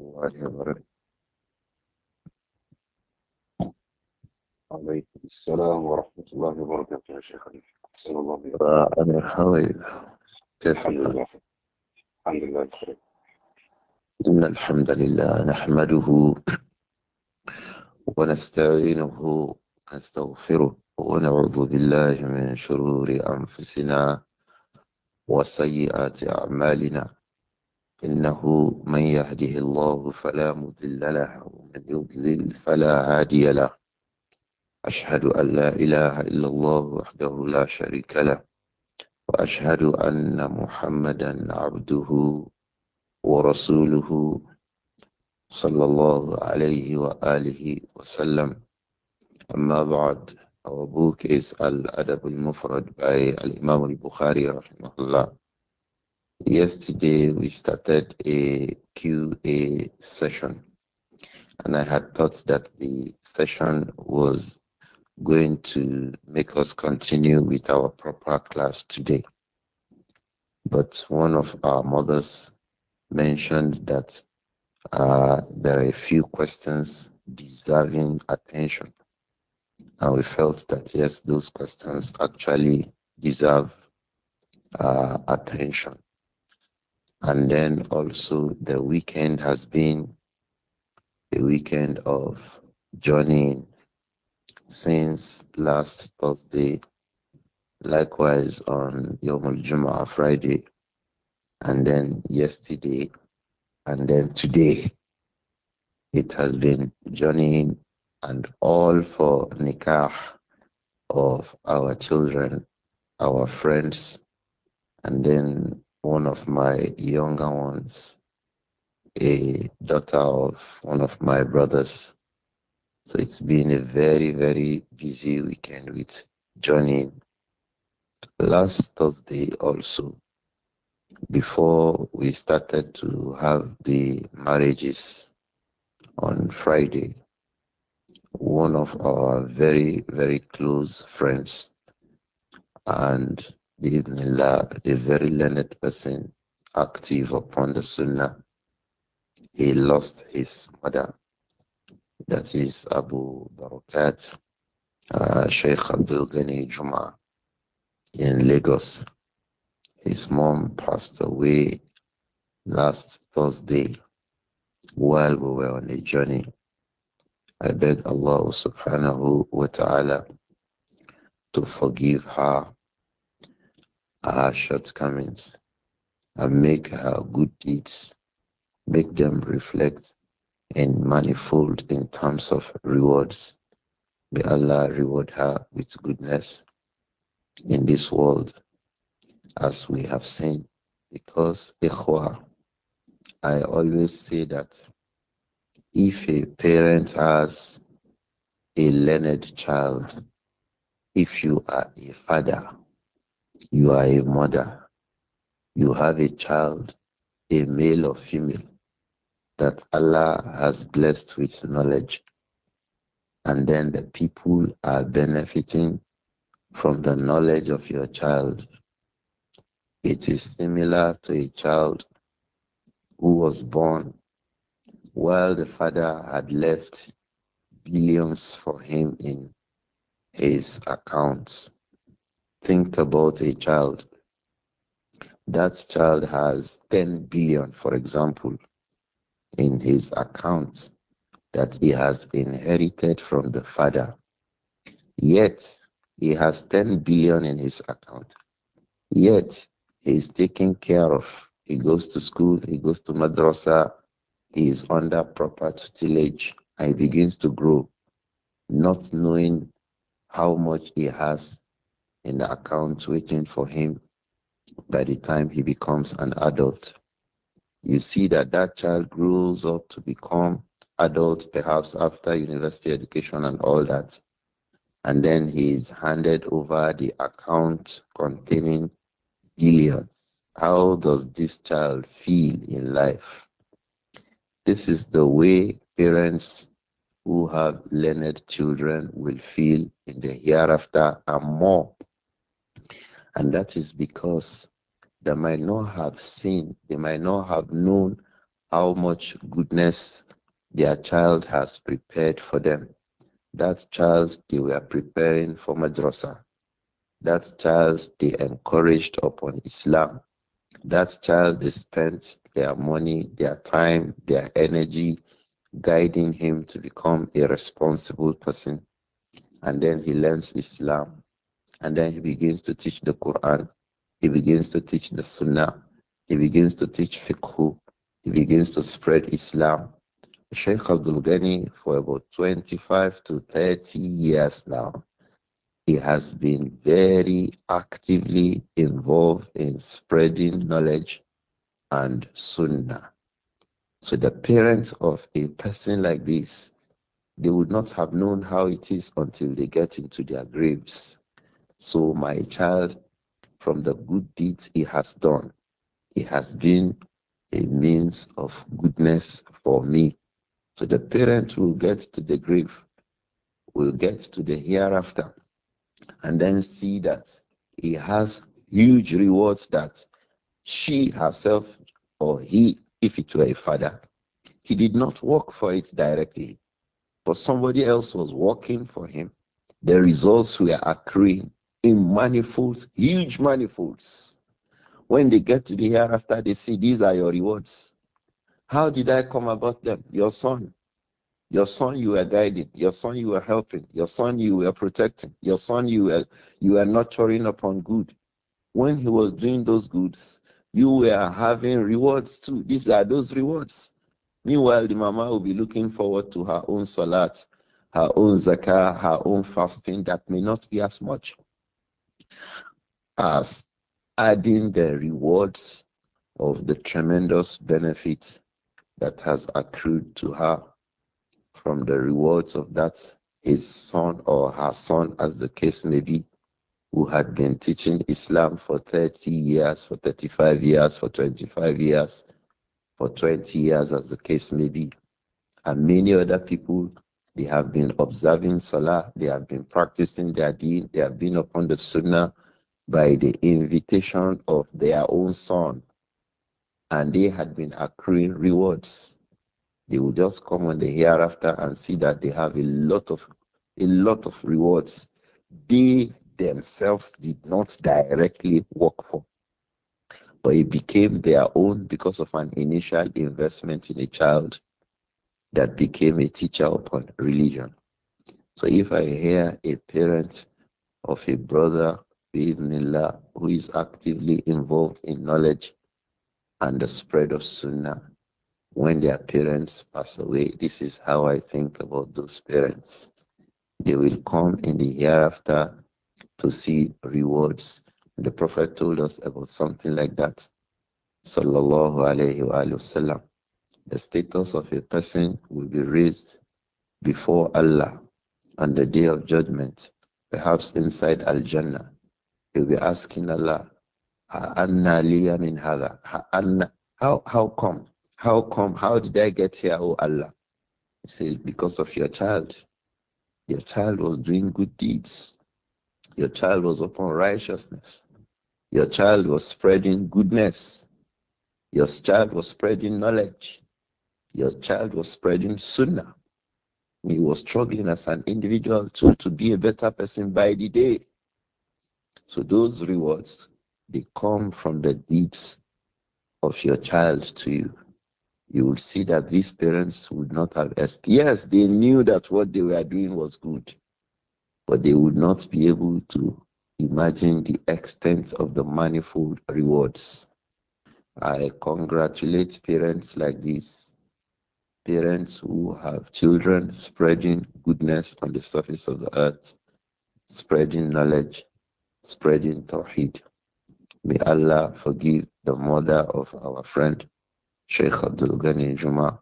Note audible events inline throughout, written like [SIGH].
الله وبركاته عليكم السلام ورحمة الله وبركاته يا شيخ صلى الله عليه آه، وسلم أنا حبيب كيف لله الحمد لله بخير إن الحمد لله نحمده ونستعينه ونستغفره ونعوذ بالله من شرور أنفسنا وسيئات أعمالنا إنه من يهده الله فلا مذل له ومن يضلل فلا هادي له أشهد أن لا إله إلا الله وحده لا شريك له وأشهد أن محمدا عبده ورسوله صلى الله عليه وآله وسلم أما بعد أبوك اسأل أدب المفرد بأي الإمام البخاري رحمه الله yesterday we started a QA session, and I had thought that the session was going to make us continue with our proper class today. But one of our mothers mentioned that uh, there are a few questions deserving attention. And we felt that, yes, those questions actually deserve uh, attention. And then also the weekend has been a weekend of journeying since last Thursday, likewise on Yom Al Friday, and then yesterday, and then today. It has been journeying and all for nikah of our children, our friends, and then one of my younger ones, a daughter of one of my brothers. So it's been a very, very busy weekend with Johnny. Last Thursday also, before we started to have the marriages on Friday, one of our very, very close friends and Bismillah, a very learned person, active upon the Sunnah, he lost his mother. That is Abu Barakat, uh, Sheikh Abdul Ghani Juma in Lagos. His mom passed away last Thursday while we were on a journey. I beg Allah subhanahu wa ta'ala to forgive her our shortcomings and make our good deeds, make them reflect and manifold in terms of rewards. May Allah reward her with goodness in this world as we have seen. Because, ikhwa, I always say that if a parent has a learned child, if you are a father you are a mother. You have a child, a male or female, that Allah has blessed with knowledge. And then the people are benefiting from the knowledge of your child. It is similar to a child who was born while the father had left billions for him in his accounts. Think about a child. That child has 10 billion, for example, in his account that he has inherited from the father. Yet he has 10 billion in his account. Yet he is taken care of. He goes to school, he goes to madrasa, he is under proper tutelage, and he begins to grow, not knowing how much he has in the account waiting for him by the time he becomes an adult. You see that that child grows up to become adult, perhaps after university education and all that. And then he is handed over the account containing billions. How does this child feel in life? This is the way parents who have learned children will feel in the hereafter and more and that is because they might not have seen, they might not have known how much goodness their child has prepared for them. That child they were preparing for madrasa. That child they encouraged upon Islam. That child they spent their money, their time, their energy guiding him to become a responsible person. And then he learns Islam and then he begins to teach the Quran. He begins to teach the Sunnah. He begins to teach fiqh. He begins to spread Islam. Sheikh Abdul Ghani, for about 25 to 30 years now, he has been very actively involved in spreading knowledge and sunnah. So the parents of a person like this, they would not have known how it is until they get into their graves. So, my child, from the good deeds he has done, he has been a means of goodness for me. So, the parent will get to the grave, will get to the hereafter, and then see that he has huge rewards that she herself or he, if it were a father, he did not work for it directly, but somebody else was working for him. The results were accruing in manifolds, huge manifolds. When they get to the hereafter, they see these are your rewards. How did I come about them? Your son. Your son you were guiding, your son you were helping, your son you were protecting, your son you were you were nurturing upon good. When he was doing those goods, you were having rewards too. These are those rewards. Meanwhile, the mama will be looking forward to her own salat, her own zakah, her own fasting that may not be as much as adding the rewards of the tremendous benefits that has accrued to her from the rewards of that his son or her son, as the case may be, who had been teaching Islam for 30 years, for 35 years, for 25 years, for 20 years, as the case may be, and many other people they have been observing Salah, they have been practicing their deen, they have been upon the Sunnah by the invitation of their own son. And they had been accruing rewards. They will just come on the hereafter and see that they have a lot of a lot of rewards. They themselves did not directly work for but it became their own because of an initial investment in a child that became a teacher upon religion. So if I hear a parent of a brother, Bismillah, who is actively involved in knowledge and the spread of Sunnah, when their parents pass away, this is how I think about those parents. They will come in the hereafter to see rewards. The Prophet told us about something like that. Sallallahu alayhi wa, wa the status of a person will be raised before Allah on the day of judgment, perhaps inside Al Jannah. He'll be asking Allah, Anna How, how come? How come? How did I get here, O Allah? He says, Because of your child. Your child was doing good deeds. Your child was upon righteousness. Your child was spreading goodness. Your child was spreading knowledge your child was spreading sooner. He was struggling as an individual to, to be a better person by the day. So those rewards, they come from the deeds of your child to you. You will see that these parents would not have asked. Yes, they knew that what they were doing was good, but they would not be able to imagine the extent of the manifold rewards. I congratulate parents like this parents who have children spreading goodness on the surface of the earth, spreading knowledge, spreading tawheed. May Allah forgive the mother of our friend Sheikh Abdul Ghani Juma,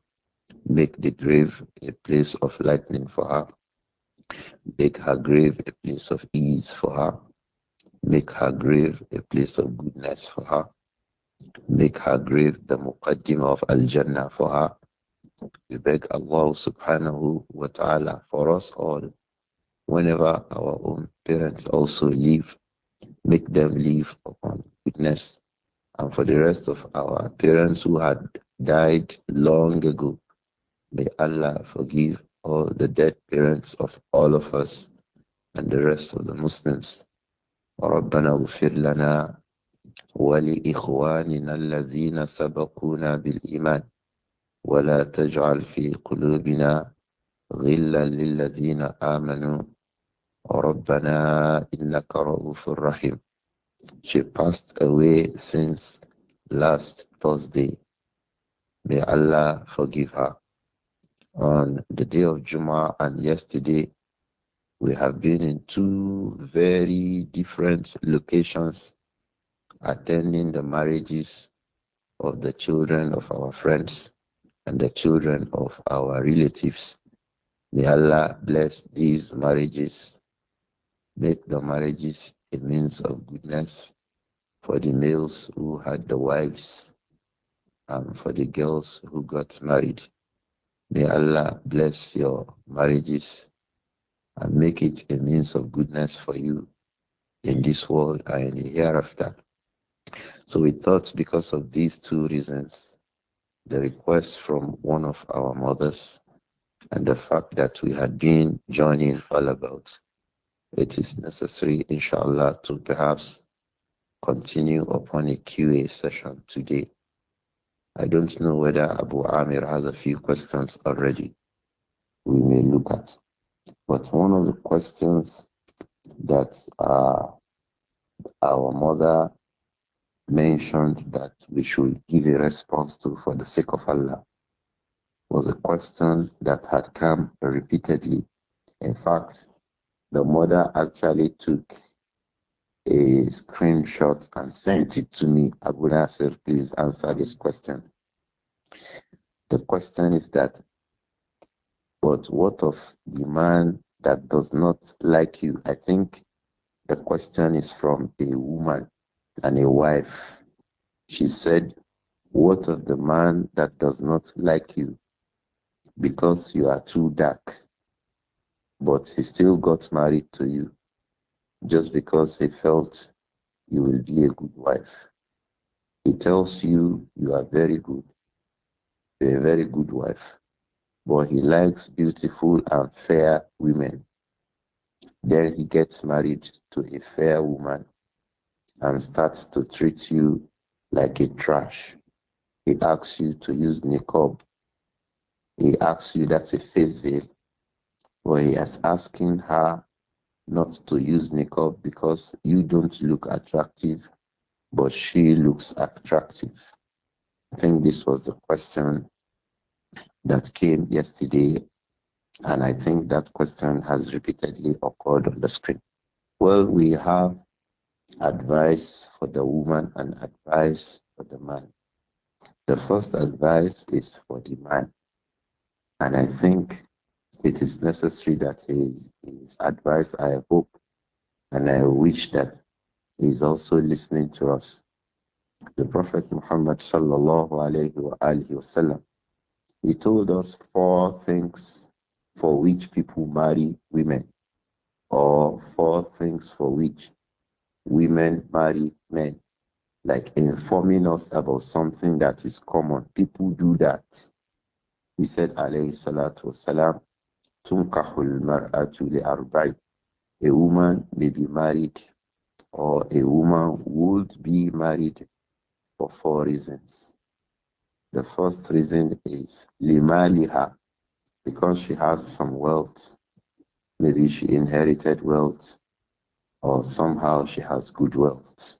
make the grave a place of lightning for her, make her grave a place of ease for her, make her grave a place of goodness for her, make her grave the muqaddimah of Al Jannah for her, we beg Allah subhanahu wa ta'ala for us all, whenever our own parents also leave, make them leave upon goodness. And for the rest of our parents who had died long ago, may Allah forgive all the dead parents of all of us and the rest of the Muslims. ربنا اغفر لنا ولإخواننا الذين سبقونا بالإيمان ولا تجعل في قلوبنا غلا للذين آمنوا ربنا إنك رؤوف رحيم She passed away since last Thursday. May Allah forgive her. On the day of Juma and yesterday, we have been in two very different locations attending the marriages of the children of our friends and the children of our relatives. May Allah bless these marriages, make the marriages a means of goodness for the males who had the wives and for the girls who got married. May Allah bless your marriages and make it a means of goodness for you in this world and in the hereafter. So we thought because of these two reasons, the request from one of our mothers and the fact that we had been joining all about. It is necessary, inshallah, to perhaps continue upon a QA session today. I don't know whether Abu Amir has a few questions already we may look at. But one of the questions that uh, our mother mentioned that we should give a response to for the sake of Allah was a question that had come repeatedly. In fact, the mother actually took a screenshot and sent it to me. Abu Nasir, please answer this question. The question is that, but what of the man that does not like you? I think the question is from a woman and a wife. She said, What of the man that does not like you because you are too dark, but he still got married to you just because he felt you will be a good wife? He tells you you are very good, you're a very good wife, but he likes beautiful and fair women. Then he gets married to a fair woman and starts to treat you like a trash. He asks you to use niqab. He asks you that's a face veil. But he is asking her not to use niqab because you don't look attractive, but she looks attractive. I think this was the question that came yesterday, and I think that question has repeatedly occurred on the screen. Well, we have advice for the woman and advice for the man. The first advice is for the man, and I think it is necessary that his, his advice, I hope, and I wish that he is also listening to us. The Prophet Muhammad sallallahu alayhi wa alayhi wasallam, he told us four things for which people marry women, or four things for which women marry men, like informing us about something that is common. People do that. He said, alayhi salatu wasalam, tunkahul mar'atu li'arba'i. A woman may be married or a woman would be married for four reasons. The first reason is limaliha, because she has some wealth. Maybe she inherited wealth or somehow she has good wealth.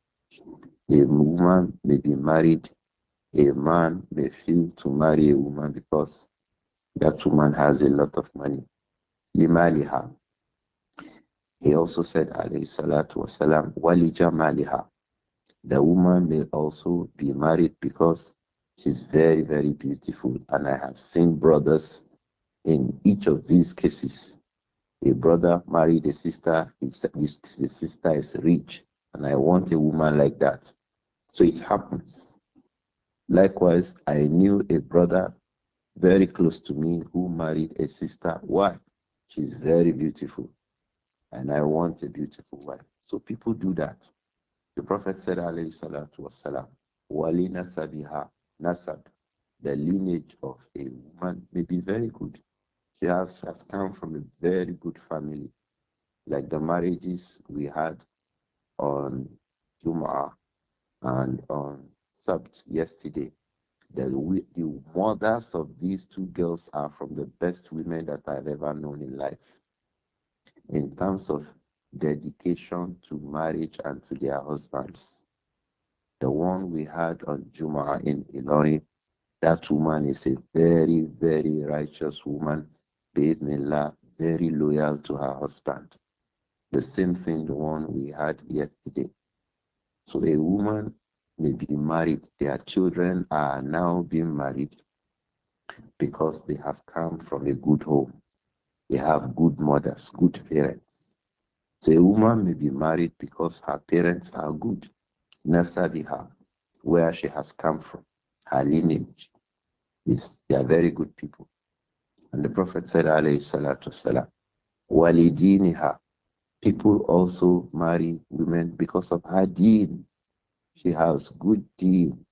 A woman may be married, a man may feel to marry a woman because that woman has a lot of money. her. He also said, alayhi salatu wasalam, walijamaliha. The woman may also be married because she's very, very beautiful. And I have seen brothers in each of these cases a brother married a sister, the sister is rich, and I want a woman like that. So it happens. Likewise, I knew a brother very close to me who married a sister. Why? She's very beautiful, and I want a beautiful wife. So people do that. The Prophet said, alayhi salatu wasalam, wali nasabiha nasab. The lineage of a woman may be very good. She has, has come from a very good family, like the marriages we had on Jum'ah and on Sabt yesterday. The, the mothers of these two girls are from the best women that I've ever known in life in terms of dedication to marriage and to their husbands. The one we had on Juma in Illinois, that woman is a very, very righteous woman Bismillah, very loyal to her husband. The same thing, the one we had yesterday. So a woman may be married. Their children are now being married because they have come from a good home. They have good mothers, good parents. So a woman may be married because her parents are good. Nasabiha, where she has come from, her lineage. Is, they are very good people. And the Prophet said, alayhi salatu salam." walidiniha. People also marry women because of her deen. She has good deen.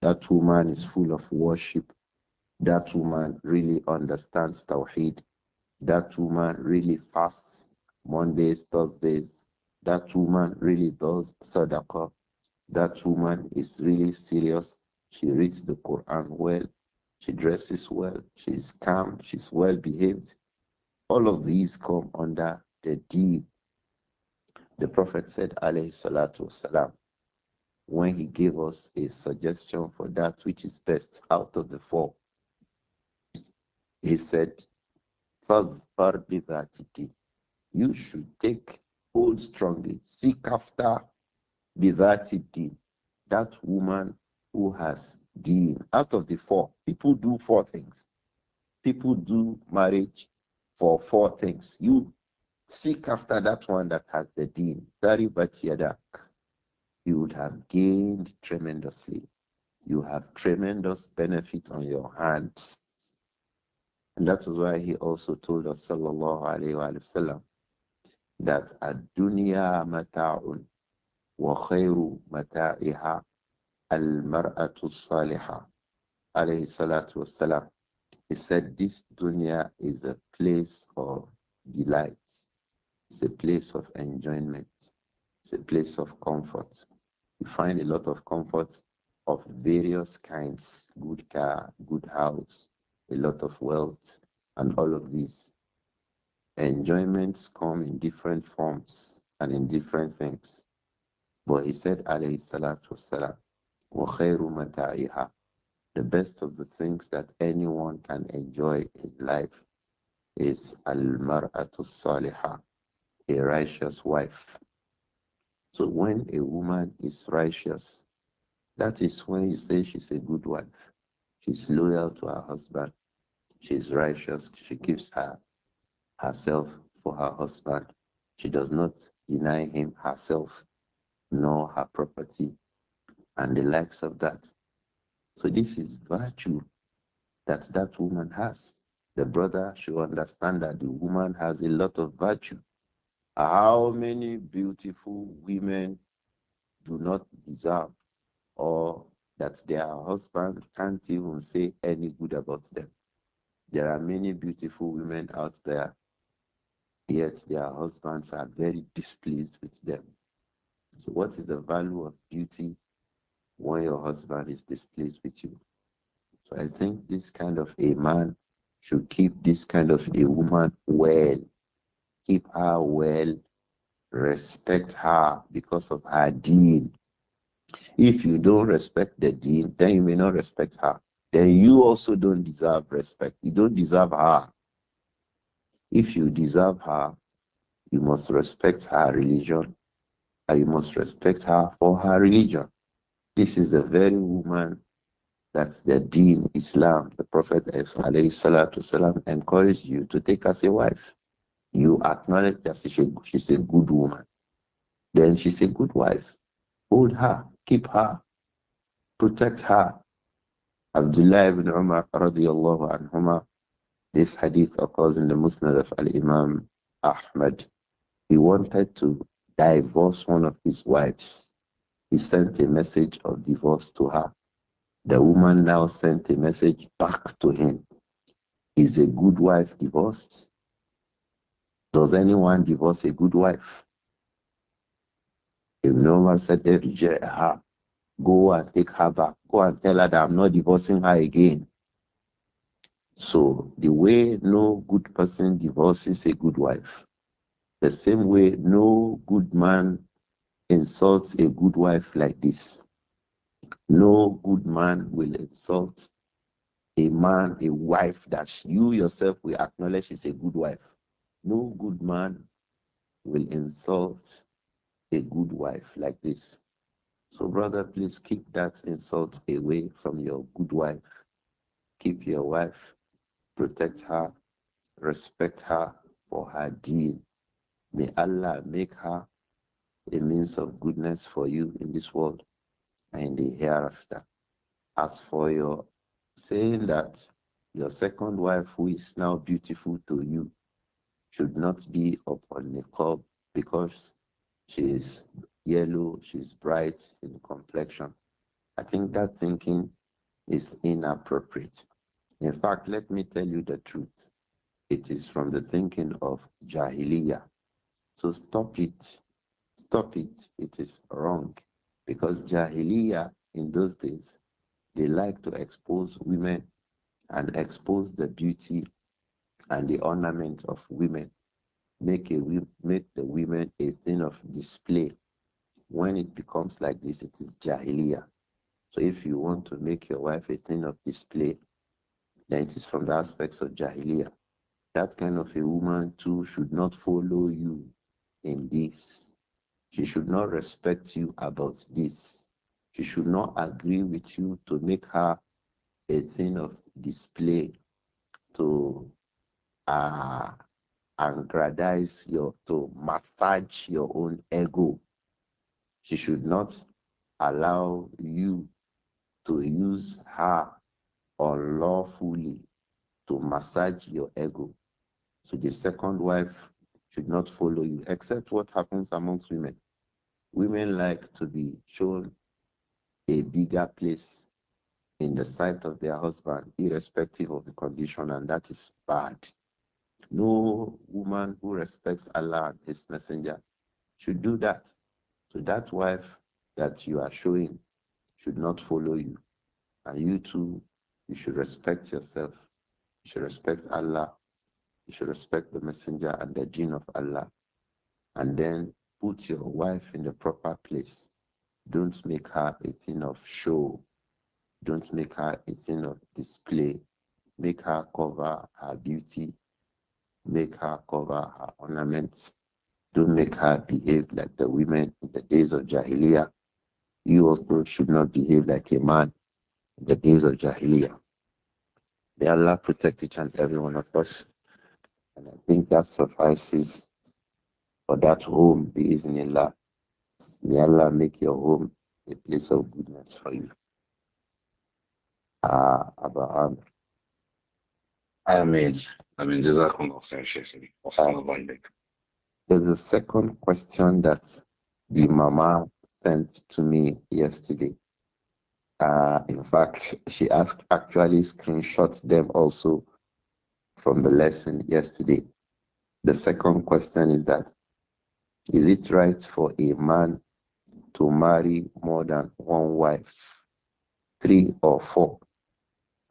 That woman is full of worship. That woman really understands Tawheed. That woman really fasts Mondays, Thursdays. That woman really does sadaqah. That woman is really serious. She reads the Quran well she dresses well. She's calm. She's well behaved. All of these come under the D. The Prophet said, salatu wasalam, when he gave us a suggestion for that which is best out of the four, he said, you should take hold strongly, seek after that woman who has deen. Out of the four, people do four things. People do marriage for four things. You seek after that one that has the deen. Thirty yadak. You would have gained tremendously. You have tremendous benefits on your hands. And that was why he also told us, sallallahu alayhi wa sallam, that ad-dunya mata'un wa khayru mata'iha Al-Mar'atu Salihah, alayhi salatu wasalam. He said, This dunya is a place of delight, it's a place of enjoyment, it's a place of comfort. You find a lot of comfort of various kinds good car, good house, a lot of wealth, and all of these. Enjoyments come in different forms and in different things. But he said, alayhi salatu wasalam, the best of the things that anyone can enjoy in life is al-mar'atu salihah, a righteous wife. So when a woman is righteous, that is when you say she's a good wife. She's loyal to her husband. She's righteous. She gives her herself for her husband. She does not deny him herself nor her property and the likes of that. So this is virtue that that woman has. The brother should understand that the woman has a lot of virtue. How many beautiful women do not deserve or that their husband can't even say any good about them. There are many beautiful women out there, yet their husbands are very displeased with them. So, what is the value of beauty when your husband is displeased with you. So I think this kind of a man should keep this kind of a woman well, keep her well, respect her because of her deed. If you don't respect the deed, then you may not respect her. Then you also don't deserve respect. You don't deserve her. If you deserve her, you must respect her religion and you must respect her for her religion. This is the very woman that the deen Islam, the Prophet والسلام, encouraged you to take as a wife. You acknowledge that she's a, she's a good woman. Then she's a good wife. Hold her, keep her, protect her. Abdullah ibn Umar radiallahu anhuma, this hadith occurs in the Musnad of Al-Imam Ahmad. He wanted to divorce one of his wives he sent a message of divorce to her. The woman now sent a message back to him. Is a good wife divorced? Does anyone divorce a good wife? If no one said, hey, reject her, go and take her back. Go and tell her that I'm not divorcing her again. So, the way no good person divorces a good wife, the same way no good man insults a good wife like this. No good man will insult a man, a wife that you yourself will acknowledge is a good wife. No good man will insult a good wife like this. So, brother, please keep that insult away from your good wife. Keep your wife, protect her, respect her for her deed. May Allah make her a means of goodness for you in this world and in the hereafter. As for your saying that your second wife, who is now beautiful to you, should not be upon the cob because she is yellow, she is bright in complexion. I think that thinking is inappropriate. In fact, let me tell you the truth. It is from the thinking of Jahiliyyah. So stop it. Stop it. It is wrong. Because jahiliyah in those days, they like to expose women and expose the beauty and the ornament of women. Make, a, make the women a thing of display. When it becomes like this, it is jahiliyah. So if you want to make your wife a thing of display, then it is from the aspects of jahiliyah. That kind of a woman too should not follow you in this. She should not respect you about this. She should not agree with you to make her a thing of display to uh, aggrandize your, to massage your own ego. She should not allow you to use her unlawfully to massage your ego. So the second wife should not follow you, except what happens amongst women. Women like to be shown a bigger place in the sight of their husband, irrespective of the condition, and that is bad. No woman who respects Allah and His Messenger should do that. So that wife that you are showing should not follow you. And you too, you should respect yourself. You should respect Allah you should respect the messenger and the jinn of Allah. And then put your wife in the proper place. Don't make her a thing of show. Don't make her a thing of display. Make her cover her beauty. Make her cover her ornaments. Don't make her behave like the women in the days of Jahiliyyah. You also should not behave like a man in the days of Jahiliyyah. May Allah protect each and every one of us. And I think that suffices for that home, Bismillah. May Allah make your home a place of goodness for you. Uh, ah, Abu Amr. Ameen. Ameen. Jazakumullah khair, Shaykh. There's a second question that the mama sent to me yesterday. Uh, in fact, she asked actually screenshots them also from the lesson yesterday. The second question is that is it right for a man to marry more than one wife, three or four,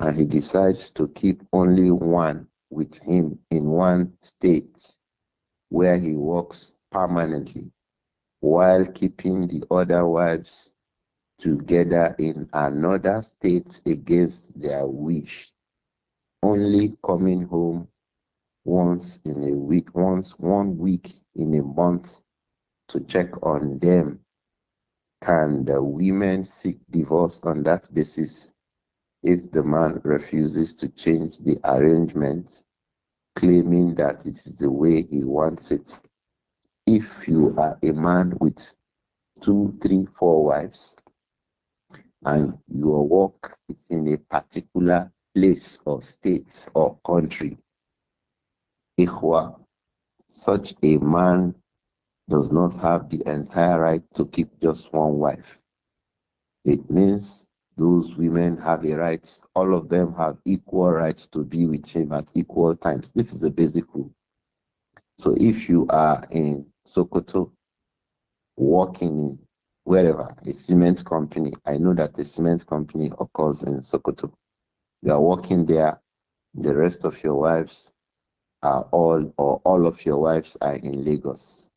and he decides to keep only one with him in one state where he works permanently while keeping the other wives together in another state against their wish only coming home once in a week, once one week in a month to check on them. Can the women seek divorce on that basis if the man refuses to change the arrangement, claiming that it is the way he wants it? If you are a man with two, three, four wives, and your work is in a particular place or state or country. Ikhwa, such a man does not have the entire right to keep just one wife. It means those women have a right, all of them have equal rights to be with him at equal times. This is the basic rule. So if you are in Sokoto, working in wherever, a cement company, I know that a cement company occurs in Sokoto. You are working there. The rest of your wives are all, or all of your wives are in Lagos.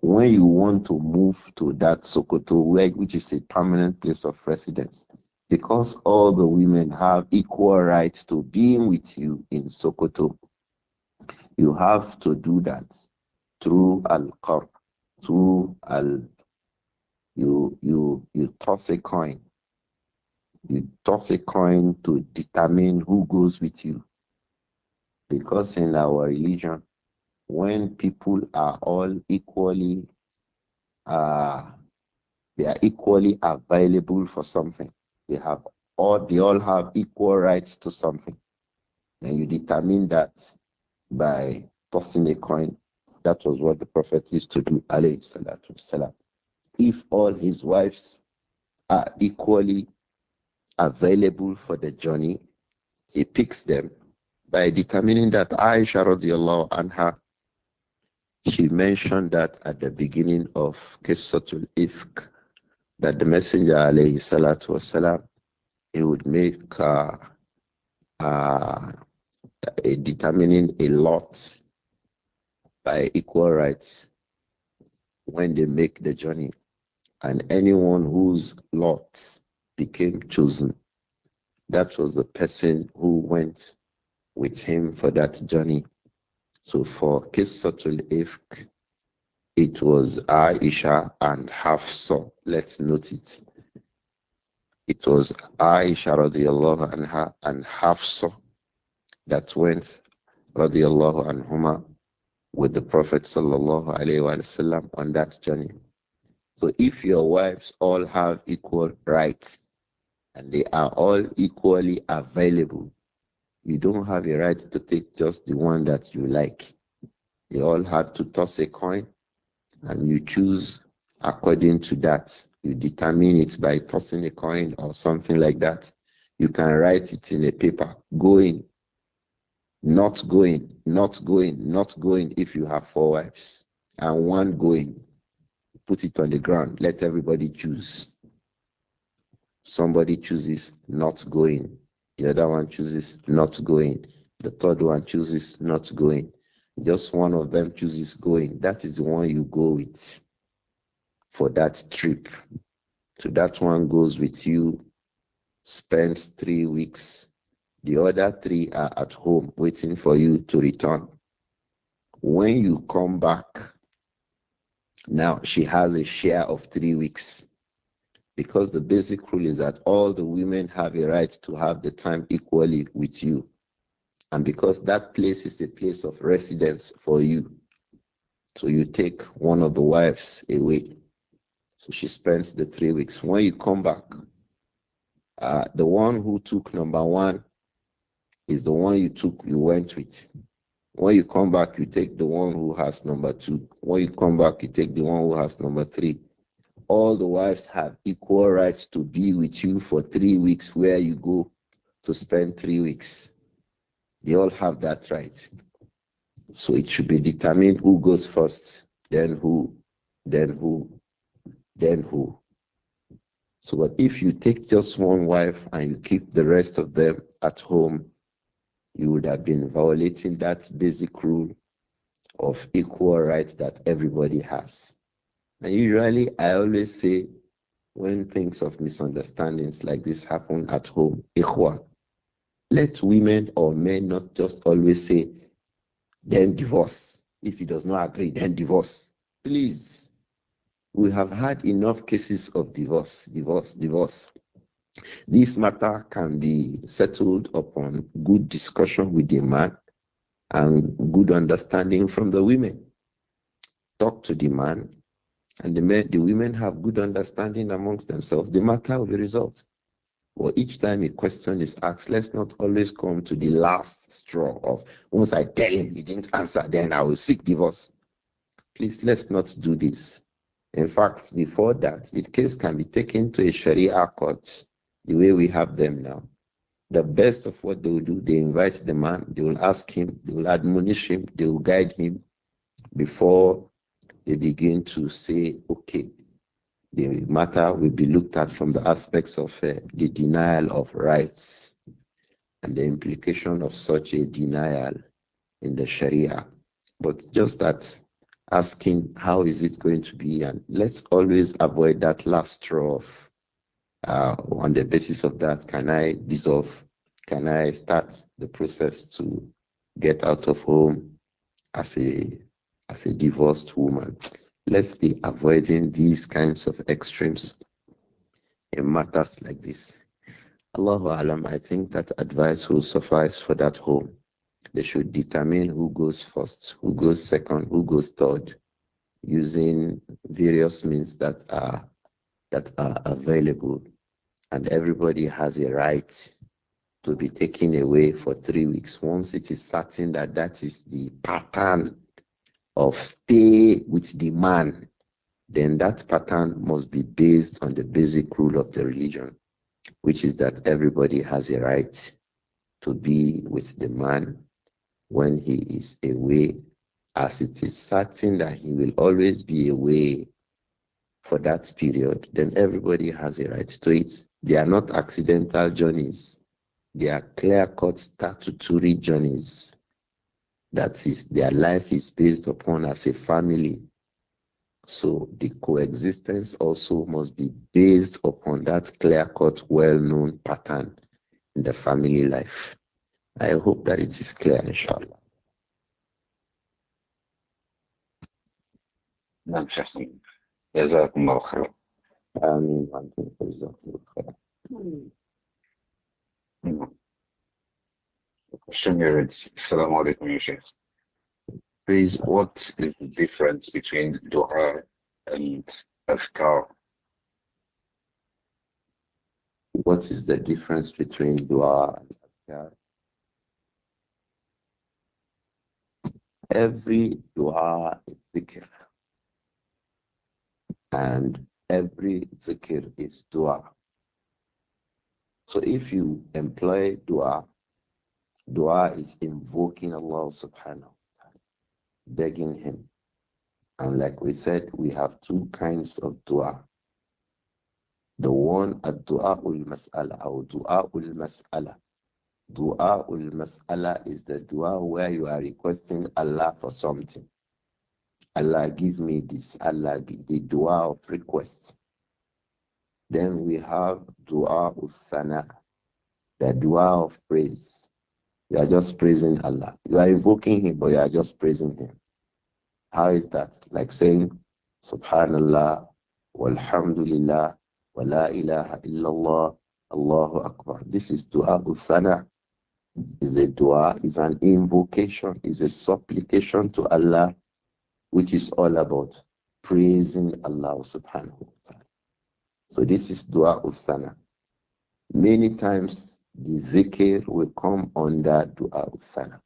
When you want to move to that Sokoto, which is a permanent place of residence, because all the women have equal rights to being with you in Sokoto, you have to do that through al qarb through al you you you toss a coin you toss a coin to determine who goes with you. Because in our religion, when people are all equally, uh, they are equally available for something. They have all, they all have equal rights to something. And you determine that by tossing a coin. That was what the Prophet used to do, alayhi salatu wasalam. If all his wives are equally available for the journey, he picks them by determining that Aisha radiallahu anha, she mentioned that at the beginning of Kisatul Ifk, that the Messenger alayhi salatu wasalam, he would make uh, uh, a determining a lot by equal rights when they make the journey. And anyone whose lot became chosen. That was the person who went with him for that journey. So for Kisatul Ifk, it was Aisha and Hafsa. Let's note it. It was Aisha radiallahu anha and Hafsa that went radiallahu anhuma with the Prophet sallallahu alayhi wasallam on that journey. So if your wives all have equal rights, and they are all equally available. You don't have a right to take just the one that you like. They all have to toss a coin, and you choose according to that. You determine it by tossing a coin or something like that. You can write it in a paper going, not going, not going, not going if you have four wives, and one going. Put it on the ground, let everybody choose. Somebody chooses not going. The other one chooses not going. The third one chooses not going. Just one of them chooses going. That is the one you go with for that trip. So that one goes with you, spends three weeks. The other three are at home waiting for you to return. When you come back, now she has a share of three weeks. Because the basic rule is that all the women have a right to have the time equally with you. And because that place is a place of residence for you. So you take one of the wives away. So she spends the three weeks. When you come back, uh, the one who took number one is the one you took, you went with. When you come back, you take the one who has number two. When you come back, you take the one who has number three all the wives have equal rights to be with you for three weeks where you go to spend three weeks. They all have that right. So it should be determined who goes first, then who, then who, then who. So, but if you take just one wife and you keep the rest of them at home, you would have been violating that basic rule of equal rights that everybody has. And usually, I always say when things of misunderstandings like this happen at home, ikhwa, let women or men not just always say, then divorce. If he does not agree, then divorce. Please. We have had enough cases of divorce, divorce, divorce. This matter can be settled upon good discussion with the man and good understanding from the women. Talk to the man, and the men, the women have good understanding amongst themselves, the matter will be resolved. But each time a question is asked, let's not always come to the last straw of once I tell him he didn't answer, then I will seek divorce. Please let's not do this. In fact, before that, the case can be taken to a Sharia court, the way we have them now. The best of what they will do, they invite the man, they will ask him, they will admonish him, they will guide him before they begin to say, okay, the matter will be looked at from the aspects of uh, the denial of rights and the implication of such a denial in the Sharia. But just that asking how is it going to be, and let's always avoid that last straw of uh, on the basis of that, can I dissolve? Can I start the process to get out of home as a as a divorced woman. Let's be avoiding these kinds of extremes in matters like this. Allahu Alam, I think that advice will suffice for that home. They should determine who goes first, who goes second, who goes third, using various means that are that are available, and everybody has a right to be taken away for three weeks once it is certain that that is the pattern of stay with the man, then that pattern must be based on the basic rule of the religion, which is that everybody has a right to be with the man when he is away, as it is certain that he will always be away for that period, then everybody has a right to it. They are not accidental journeys, they are clear cut statutory journeys that is their life is based upon as a family. So the coexistence also must be based upon that clear-cut, well-known pattern in the family life. I hope that it is clear, inshallah. نعم question here is Please, what is the difference between dua and afkar? What is the difference between dua and afkar? Every dua is dhikr, and every dhikr is dua. So if you employ dua Dua is invoking Allah subhanahu wa ta'ala, begging Him. And like we said, we have two kinds of dua. The one at dua ul mas'ala or dua ul mas'ala. Dua ul mas'ala is the dua where you are requesting Allah for something. Allah give me this, Allah give the dua of request. Then we have dua ul sana, the dua of praise you are just praising Allah. You are invoking Him, but you are just praising Him. How is that? Like saying, Subhanallah, walhamdulillah, Wala ilaha illallah, Allahu Akbar. This is dua uthana. Is a dua, is an invocation, is a supplication to Allah, which is all about praising Allah subhanahu wa ta'ala. So this is dua uthana. Many times the zikr will come under dua usana.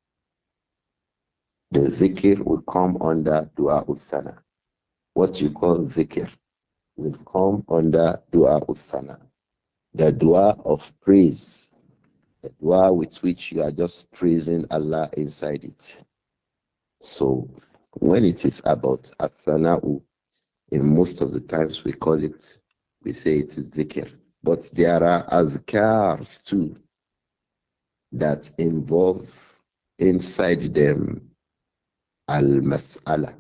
The zikr will come under dua usana. What you call zikr will come under dua usana. The dua of praise, the dua with which you are just praising Allah inside it. So when it is about athana'u, in most of the times we call it, we say it is zikr. But there are azkars too that involve inside them al-mas'ala.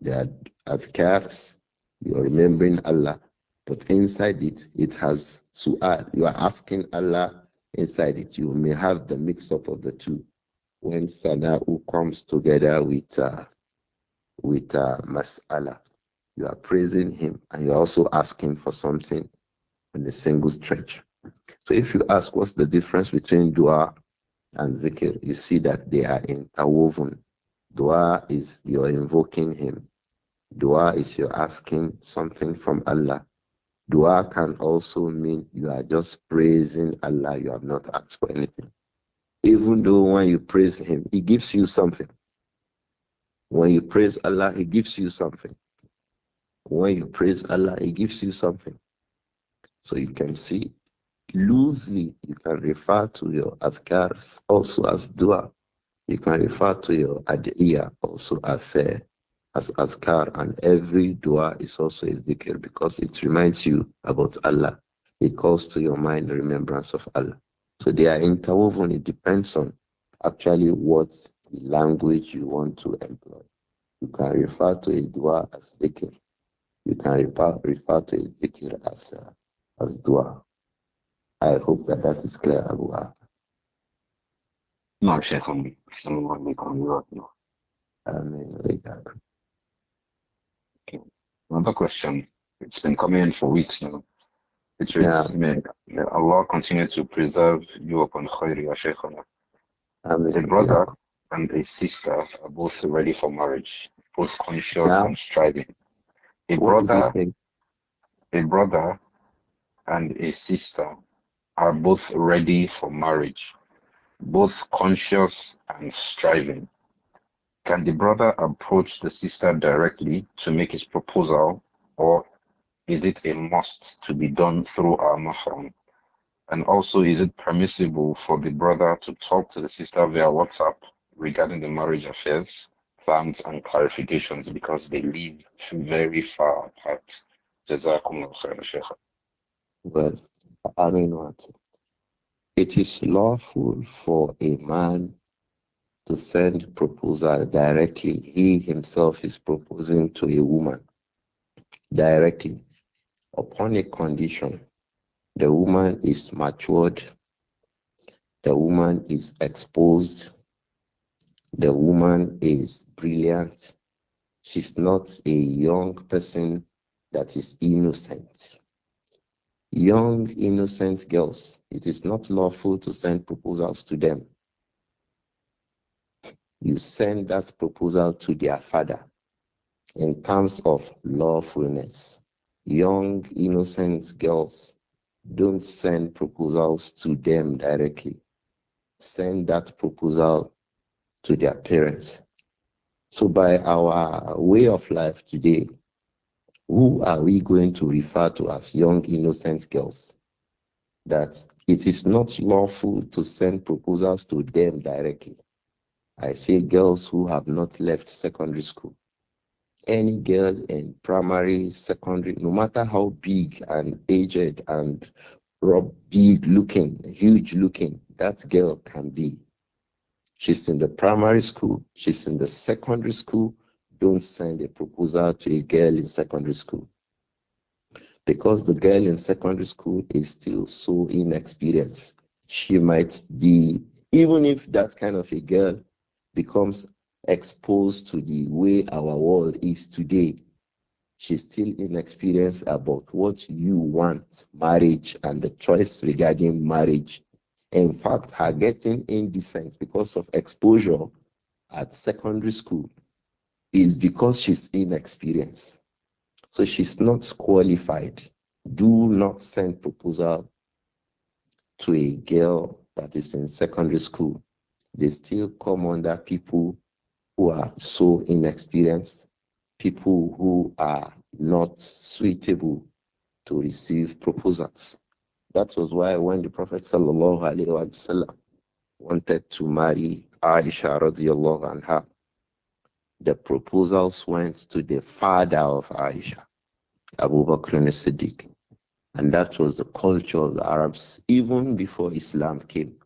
The adhkars, you're remembering Allah, but inside it, it has su'al. You are asking Allah inside it. You may have the mix-up of the two. When sana'u comes together with uh, with uh, mas'ala, you are praising Him and you are also asking for something in a single stretch. So if you ask what's the difference between dua and zikr, you see that they are interwoven. Dua is you're invoking Him. Dua is you're asking something from Allah. Dua can also mean you are just praising Allah. You have not asked for anything. Even though when you praise Him, He gives you something. When you praise Allah, He gives you something. When you praise Allah, He gives you something. So you can see Loosely, you can refer to your adhkars also as dua. You can refer to your adiyah also as a, uh, as azkar, and every dua is also a dhikr because it reminds you about Allah. It calls to your mind the remembrance of Allah. So they are interwoven. It depends on actually what language you want to employ. You can refer to a dua as dhikr. You can refer, refer to a dhikr as, uh, as dua. I hope that that is clear, Abu نعم شيخ السلام عليكم ورحمة الله آمين Another question. It's been coming in for weeks now. It yeah. may, may Allah continue to preserve you upon Khairi, Ya um, And A brother yeah. and a sister are both ready for marriage, both conscious and striving. A brother, a brother and a sister are both ready for marriage, both conscious and striving. Can the brother approach the sister directly to make his proposal, or is it a must to be done through our mahram? And also, is it permissible for the brother to talk to the sister via WhatsApp regarding the marriage affairs, plans, and clarifications because they live very far apart? جزاكم الله خير Well, it is lawful for a man to send proposal directly. He himself is proposing to a woman directly upon a condition. The woman is matured, the woman is exposed, the woman is brilliant. She's not a young person that is innocent young, innocent girls. It is not lawful to send proposals to them. You send that proposal to their father in terms of lawfulness. Young, innocent girls, don't send proposals to them directly. Send that proposal to their parents. So, by our way of life today, who are we going to refer to as young innocent girls? That it is not lawful to send proposals to them directly. I say girls who have not left secondary school. Any girl in primary, secondary, no matter how big and aged and big looking, huge looking that girl can be. She's in the primary school, she's in the secondary school, don't send a proposal to a girl in secondary school. Because the girl in secondary school is still so inexperienced, she might be, even if that kind of a girl becomes exposed to the way our world is today, she's still inexperienced about what you want marriage and the choice regarding marriage. In fact, her getting indecent because of exposure at secondary school is because she's inexperienced. So she's not qualified. Do not send proposal to a girl that is in secondary school. They still come under people who are so inexperienced, people who are not suitable to receive proposals. That was why when the Prophet wanted to marry Aisha radiallahu anha, the proposals went to the father of Aisha, Abu Bakr and Siddiq. And that was the culture of the Arabs even before Islam came.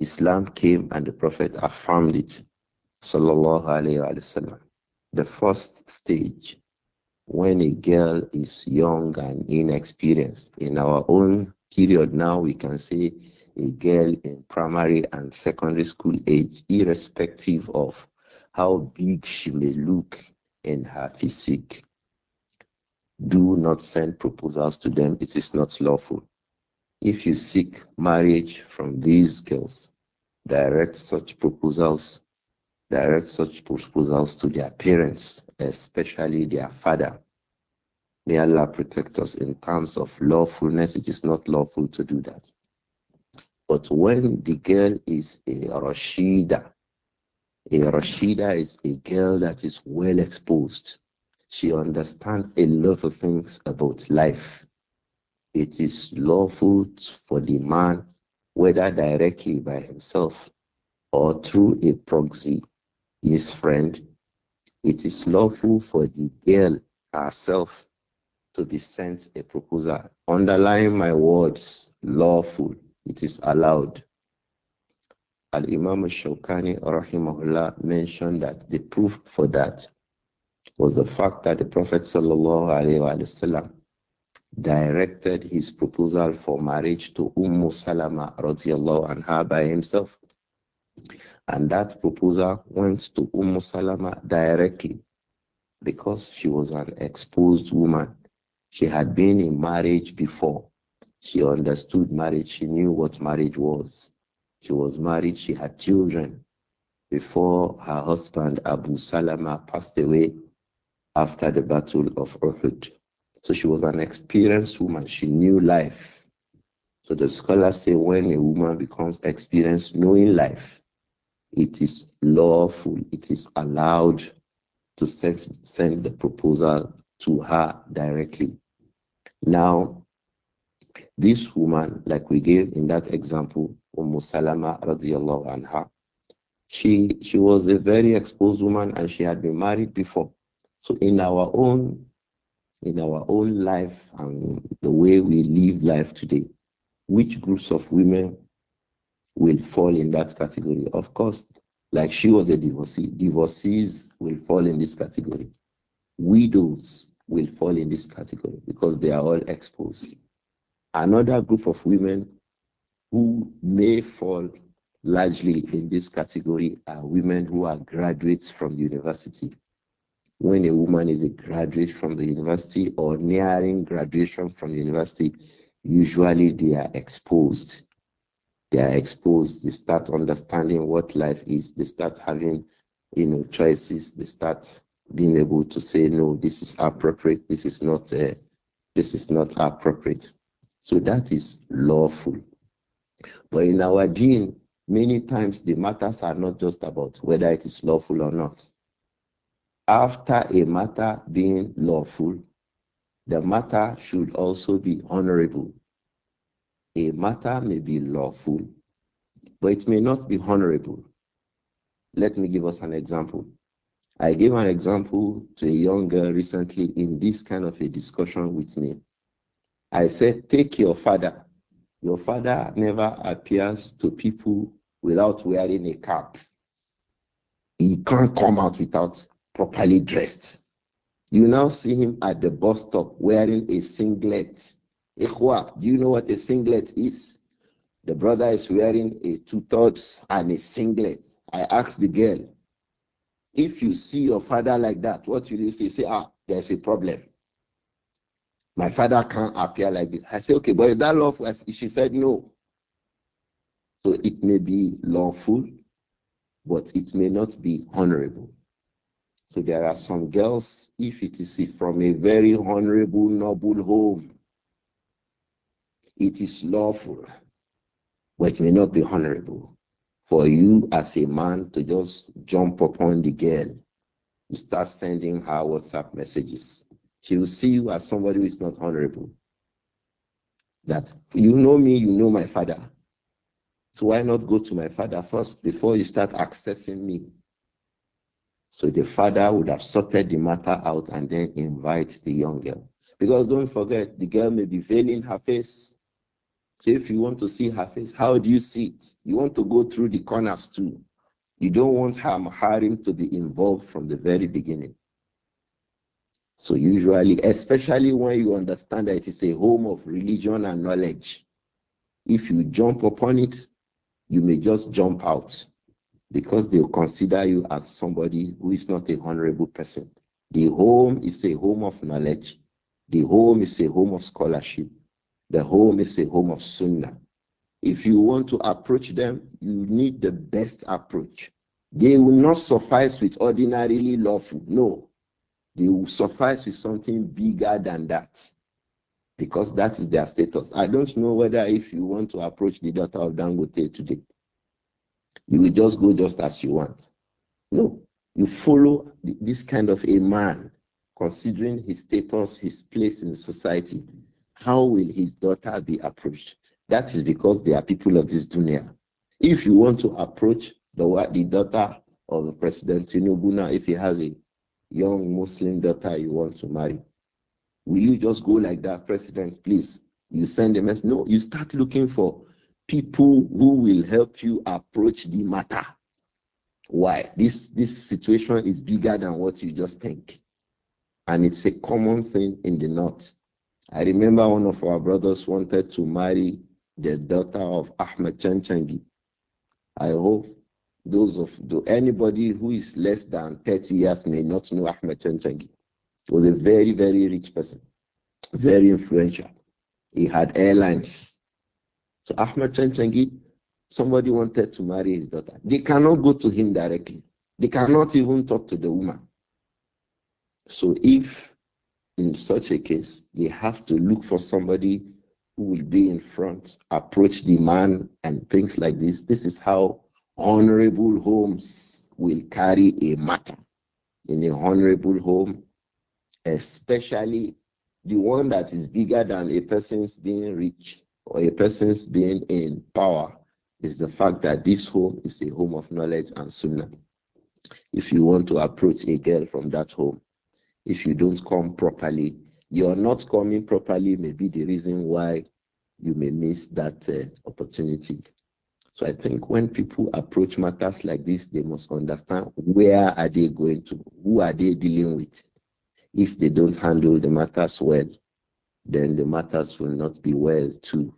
Islam came and the Prophet affirmed it. Sallallahu Wasallam. The first stage, when a girl is young and inexperienced, in our own period now, we can say a girl in primary and secondary school age, irrespective of how big she may look in her physique. Do not send proposals to them, it is not lawful. If you seek marriage from these girls, direct such proposals direct such proposals to their parents, especially their father. May Allah protect us in terms of lawfulness. It is not lawful to do that. But when the girl is a Rashida, a Rashida is a girl that is well exposed. She understands a lot of things about life. It is lawful for the man, whether directly by himself or through a proxy, his friend. It is lawful for the girl herself to be sent a proposal. Underline my words lawful. It is allowed. Al Imam Shawkani rahimahullah mentioned that the proof for that was the fact that the Prophet وسلم, directed his proposal for marriage to Umm Salama anha by himself. And that proposal went to Umm Salama directly because she was an exposed woman. She had been in marriage before. She understood marriage. She knew what marriage was. She was married, she had children before her husband Abu Salama passed away after the Battle of Uhud. So she was an experienced woman. She knew life. So the scholars say when a woman becomes experienced knowing life, it is lawful, it is allowed to send, send the proposal to her directly. Now, this woman, like we gave in that example, Umm Salama radiallahu anha, she, she was a very exposed woman and she had been married before. So in our own in our own life and the way we live life today, which groups of women will fall in that category? Of course, like she was a divorcee, divorcees will fall in this category. Widows will fall in this category because they are all exposed. Another group of women who may fall largely in this category are women who are graduates from the university. When a woman is a graduate from the university or nearing graduation from the university, usually they are exposed. They are exposed. They start understanding what life is. They start having, you know, choices. They start being able to say, no, this is appropriate. This is not. Uh, this is not appropriate. So that is lawful. But in our deen, many times the matters are not just about whether it is lawful or not. After a matter being lawful, the matter should also be honorable. A matter may be lawful, but it may not be honorable. Let me give us an example. I gave an example to a young girl recently in this kind of a discussion with me. I said, Take your father. Your father never appears to people without wearing a cap. He can't come out without properly dressed. You now see him at the bus stop wearing a singlet. Ikhwa, do you know what a singlet is? The brother is wearing a two tops and a singlet. I asked the girl, if you see your father like that, what will you say? Say, ah, there's a problem. My father can't appear like this. I said, okay, but is that lawful? She said, no. So it may be lawful, but it may not be honorable. So there are some girls, if it is from a very honorable, noble home, it is lawful, but it may not be honorable for you as a man to just jump upon the girl, you start sending her WhatsApp messages. She will see you as somebody who is not honorable. That you know me, you know my father. So why not go to my father first before you start accessing me? So the father would have sorted the matter out and then invite the young girl. Because don't forget, the girl may be veiling her face. So if you want to see her face, how do you see it? You want to go through the corners too. You don't want her maharim to be involved from the very beginning. So usually, especially when you understand that it is a home of religion and knowledge, if you jump upon it, you may just jump out because they will consider you as somebody who is not a honorable person. The home is a home of knowledge. The home is a home of scholarship. The home is a home of sunnah. If you want to approach them, you need the best approach. They will not suffice with ordinarily lawful. No. They will suffice with something bigger than that because that is their status. I don't know whether if you want to approach the daughter of Dangote today, you will just go just as you want. No, you follow this kind of a man, considering his status, his place in society. How will his daughter be approached? That is because they are people of this dunya. If you want to approach the, the daughter of President Tinubu now, if he has a young Muslim daughter you want to marry. Will you just go like that, President? Please, you send a message. No, you start looking for people who will help you approach the matter. Why? This this situation is bigger than what you just think. And it's a common thing in the north. I remember one of our brothers wanted to marry the daughter of Ahmed Chanchangi. I hope those of the, anybody who is less than 30 years may not know Ahmed Chanchangi. He was a very, very rich person, very influential. He had airlines. So Ahmed Chanchangi, somebody wanted to marry his daughter. They cannot go to him directly. They cannot even talk to the woman. So if in such a case, they have to look for somebody who will be in front, approach the man, and things like this. This is how honorable homes will carry a matter. In a honorable home, especially the one that is bigger than a person's being rich or a person's being in power, is the fact that this home is a home of knowledge and sunnah. If you want to approach a girl from that home, if you don't come properly, you're not coming properly may be the reason why you may miss that uh, opportunity. So I think when people approach matters like this, they must understand where are they going to, who are they dealing with. If they don't handle the matters well, then the matters will not be well too.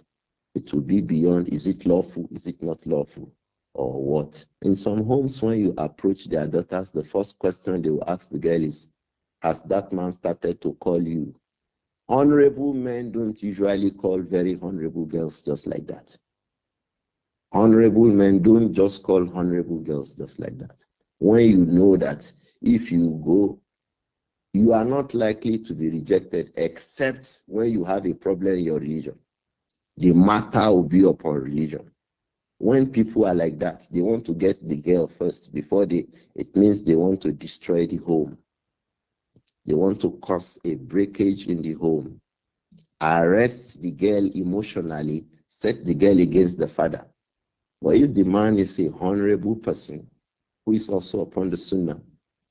It will be beyond is it lawful, is it not lawful, or what. In some homes, when you approach their daughters, the first question they will ask the girl is, Has that man started to call you? Honorable men don't usually call very honorable girls just like that. Honorable men don't just call honorable girls just like that. When you know that if you go, you are not likely to be rejected except when you have a problem in your religion. The matter will be upon religion. When people are like that, they want to get the girl first before they, it means they want to destroy the home. They want to cause a breakage in the home, arrest the girl emotionally, set the girl against the father but if the man is a honorable person who is also upon the sunnah,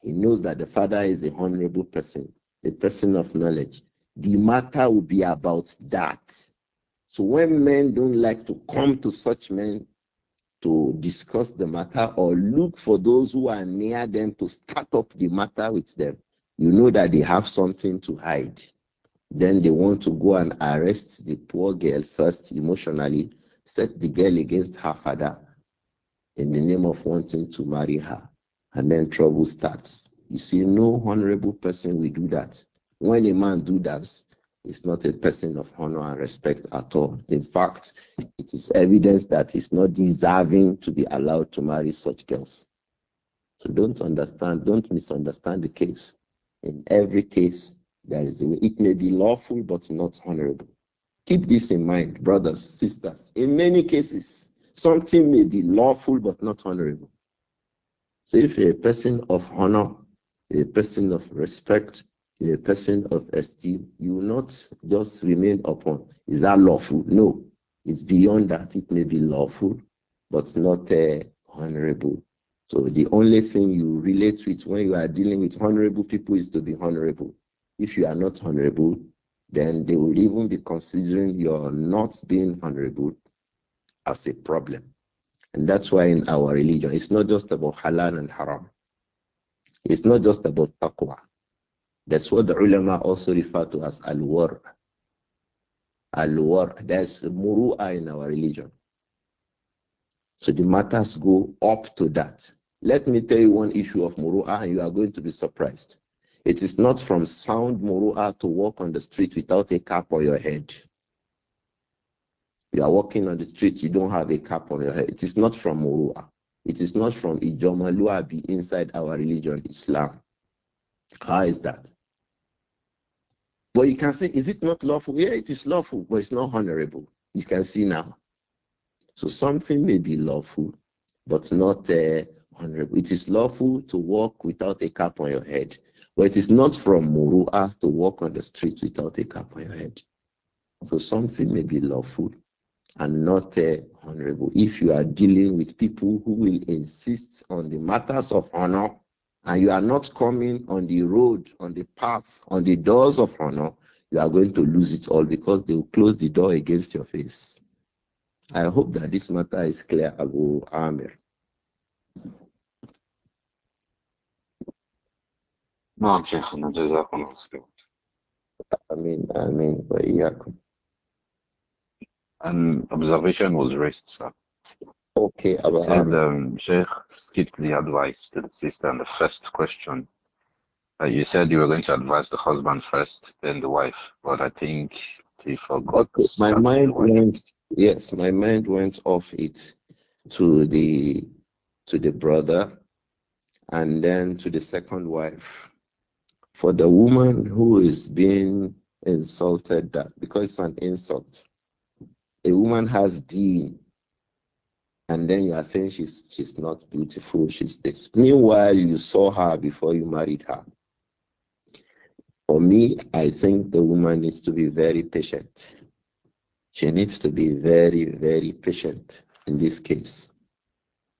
he knows that the father is a honorable person, a person of knowledge. The matter will be about that. So when men don't like to come to such men to discuss the matter or look for those who are near them to start up the matter with them, you know that they have something to hide. Then they want to go and arrest the poor girl first emotionally set the girl against her father in the name of wanting to marry her, and then trouble starts. You see, no honorable person will do that. When a man do that, he's not a person of honor and respect at all. In fact, it is evidence that he's not deserving to be allowed to marry such girls. So don't understand, don't misunderstand the case. In every case, there is a, it may be lawful but not honorable. Keep this in mind, brothers, sisters. In many cases, something may be lawful but not honorable. So if a person of honor, a person of respect, a person of esteem, you will not just remain upon. Is that lawful? No. It's beyond that. It may be lawful, but not uh, honorable. So the only thing you relate with when you are dealing with honorable people is to be honorable. If you are not honorable, then they will even be considering your not being honorable as a problem. And that's why in our religion, it's not just about halal and haram. It's not just about taqwa. That's what the ulama also refer to as al-war. Al-war, that's muru'a in our religion. So the matters go up to that. Let me tell you one issue of muru'a, and you are going to be surprised. It is not from sound Morua to walk on the street without a cap on your head. You are walking on the street, you don't have a cap on your head. It is not from Morua. It is not from ijomaluabi inside our religion, Islam. How is that? But you can say, is it not lawful? Yeah, it is lawful, but it's not honorable. You can see now. So something may be lawful, but not uh, honorable. It is lawful to walk without a cap on your head, but it is not from Muru'ah to walk on the street without a cap on your head. So something may be lawful and not uh, honorable. If you are dealing with people who will insist on the matters of honor and you are not coming on the road, on the path, on the doors of honor, you are going to lose it all because they will close the door against your face. I hope that this matter is clear, Abu Amir. نعم شيخنا جزاكم الله خيرا آمين آمين وإياكم An observation was raised, sir. Okay, Abba. And um, Sheikh, skip the advice to the sister and the first question. Uh, you said you were going to advise the husband first, then the wife, but I think he forgot. Okay, my mind went, yes, my mind went off it to the to the brother and then to the second wife for the woman who is being insulted that because it's an insult. A woman has deen, and then you are saying she's she's not beautiful, she's this. Meanwhile, you saw her before you married her. For me, I think the woman needs to be very patient. She needs to be very, very patient in this case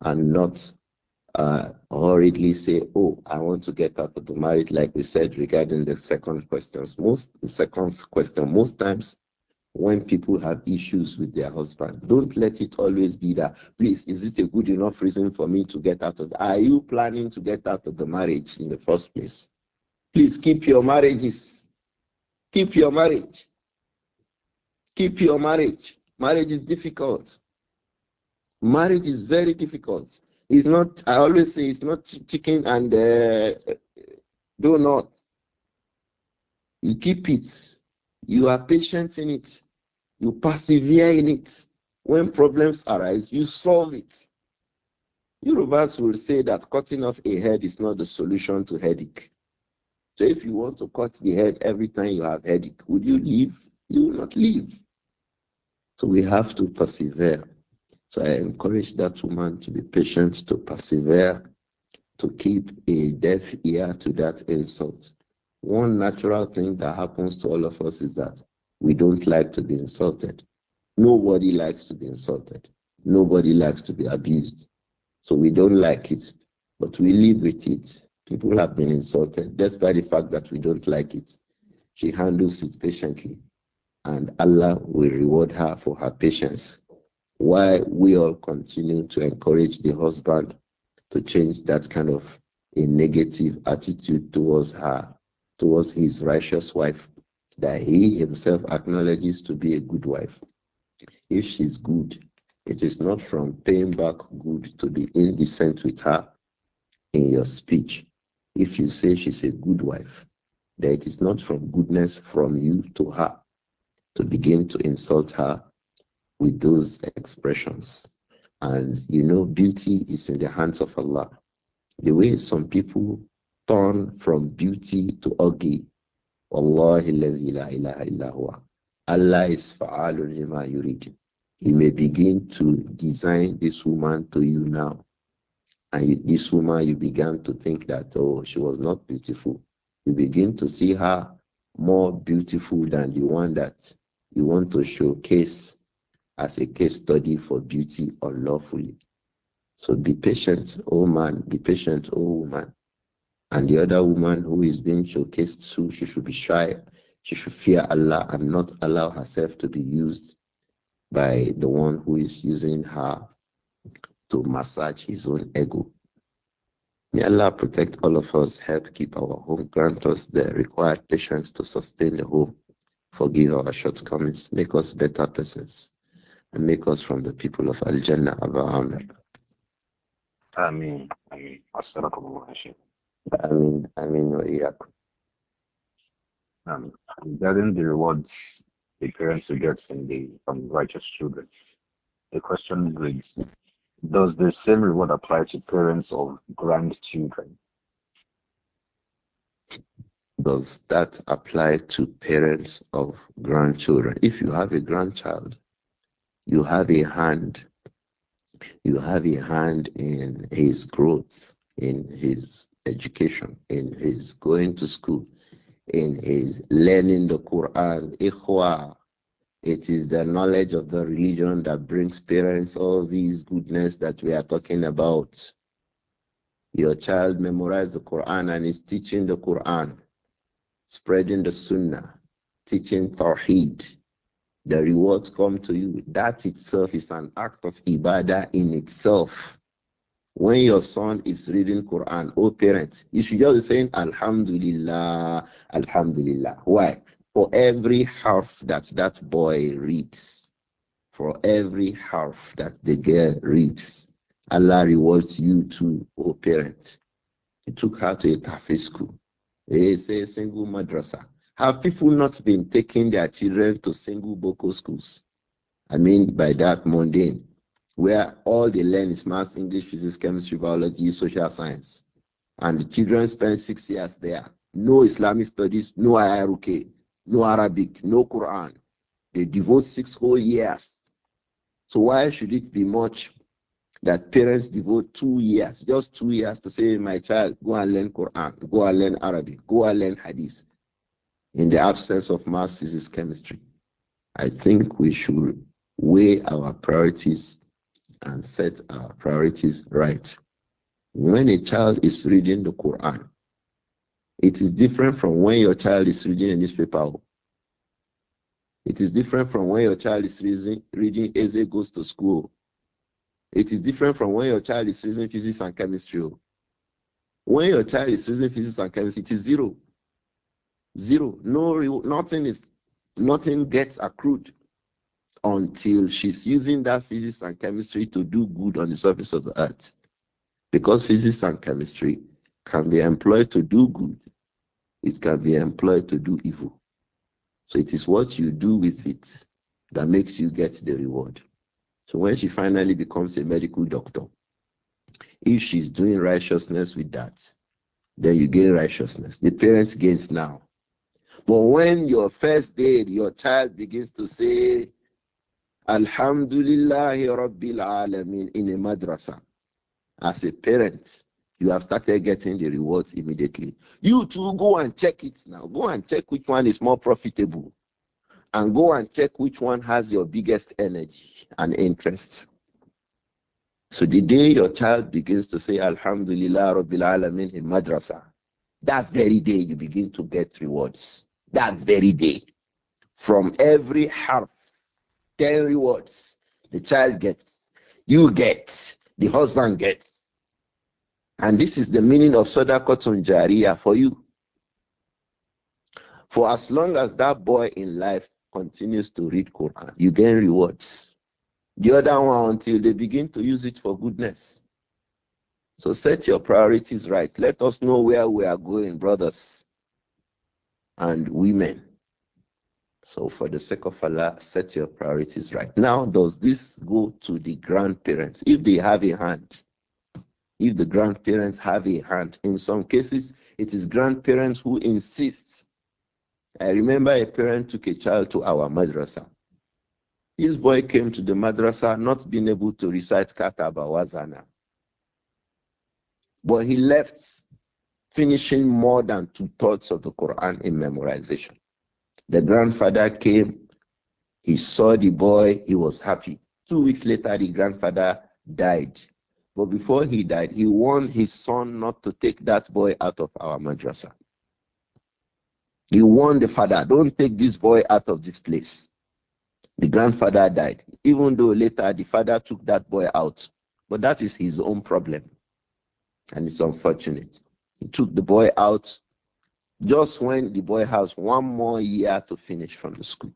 and not uh, hurriedly say, Oh, I want to get out of the marriage, like we said regarding the second questions. Most the second question, most times when people have issues with their husband, don't let it always be that, please, is it a good enough reason for me to get out of are you planning to get out of the marriage in the first place? Please keep your marriages. Keep your marriage. Keep your marriage. Marriage is difficult. Marriage is very difficult. It's not, I always say it's not chicken and uh, not You keep it. You are patient in it. You persevere in it. When problems arise, you solve it. Yorubas will say that cutting off a head is not the solution to headache. So if you want to cut the head every time you have headache, would you leave? You will not leave. So we have to persevere. So I encourage that woman to be patient, to persevere, to keep a deaf ear to that insult. One natural thing that happens to all of us is that we don't like to be insulted. Nobody likes to be insulted. Nobody likes to be abused. So we don't like it, but we live with it. People have been insulted by the fact that we don't like it. She handles it patiently, and Allah will reward her for her patience why we all continue to encourage the husband to change that kind of a negative attitude towards her, towards his righteous wife, that he himself acknowledges to be a good wife. If she's good, it is not from paying back good to be indecent with her in your speech. If you say she's a good wife, that it is not from goodness from you to her to begin to insult her with those expressions. And you know, beauty is in the hands of Allah. The way some people turn from beauty to ugly. ilaha Allah is fa'alun lima yurid. He may begin to design this woman to you now. And this woman, you began to think that, oh, she was not beautiful. You begin to see her more beautiful than the one that you want to showcase as a case study for beauty unlawfully. So be patient, O oh man, be patient, O oh woman. And the other woman who is being showcased to, she should be shy, she should fear Allah and not allow herself to be used by the one who is using her to massage his own ego. May Allah protect all of us, help keep our home, grant us the required patience to sustain the home, forgive our shortcomings, make us better persons and make us from the people of Al Jannah, Abu Amr. Ameen. Ameen. Assalamualaikum. Ameen. Amen. Wa um, regarding the rewards the parents who get from the from righteous children, the question reads: Does the same reward apply to parents of grandchildren? Does that apply to parents of grandchildren? If you have a grandchild, you have a hand. You have a hand in his growth, in his education, in his going to school, in his learning the Quran. Ikhwa, it is the knowledge of the religion that brings parents all these goodness that we are talking about. Your child memorized the Quran and is teaching the Quran, spreading the Sunnah, teaching Tawheed, the rewards come to you. That itself is an act of ibadah in itself. When your son is reading Quran, oh parents, you should just be saying Alhamdulillah, Alhamdulillah. Why? For every half that that boy reads, for every half that the girl reads, Allah rewards you too, oh parents. He took her to a tafi school, He a single madrasa have people not been taking their children to single Boko schools? I mean, by that mundane, where all they learn is maths, English, physics, chemistry, biology, social science. And the children spend six years there. No Islamic studies, no IRK, no Arabic, no Quran. They devote six whole years. So why should it be much that parents devote two years, just two years to say, my child, go and learn Quran, go and learn Arabic, go and learn Hadith, in the absence of mass physics chemistry. I think we should weigh our priorities and set our priorities right. When a child is reading the Quran, it is different from when your child is reading a newspaper. It is different from when your child is reading, reading Eze goes to school. It is different from when your child is reading physics and chemistry. When your child is reading physics and chemistry, it is zero. Zero. No, nothing is, nothing gets accrued until she's using that physics and chemistry to do good on the surface of the earth. Because physics and chemistry can be employed to do good, it can be employed to do evil. So it is what you do with it that makes you get the reward. So when she finally becomes a medical doctor, if she's doing righteousness with that, then you gain righteousness. The parents gains now. But when your first day, your child begins to say, Alhamdulillahi Rabbil Alameen in a madrasa, as a parent, you have started getting the rewards immediately. You too, go and check it now. Go and check which one is more profitable. And go and check which one has your biggest energy and interest. So the day your child begins to say, Alhamdulillah Rabbil Alameen in madrasa, that very day, you begin to get rewards. That very day. From every half 10 rewards the child gets, you get, the husband gets. And this is the meaning of Sadaqatun Jariyah for you. For as long as that boy in life continues to read Quran, you gain rewards. The other one until they begin to use it for goodness. So set your priorities right. Let us know where we are going, brothers and women. So, for the sake of Allah, set your priorities right. Now, does this go to the grandparents if they have a hand? If the grandparents have a hand, in some cases, it is grandparents who insist. I remember a parent took a child to our madrasa. His boy came to the madrasa not being able to recite Kata Bawazana. But he left finishing more than two thirds of the Quran in memorization. The grandfather came, he saw the boy, he was happy. Two weeks later, the grandfather died. But before he died, he warned his son not to take that boy out of our madrasa. He warned the father, don't take this boy out of this place. The grandfather died, even though later the father took that boy out. But that is his own problem. And it's unfortunate. He took the boy out just when the boy has one more year to finish from the school.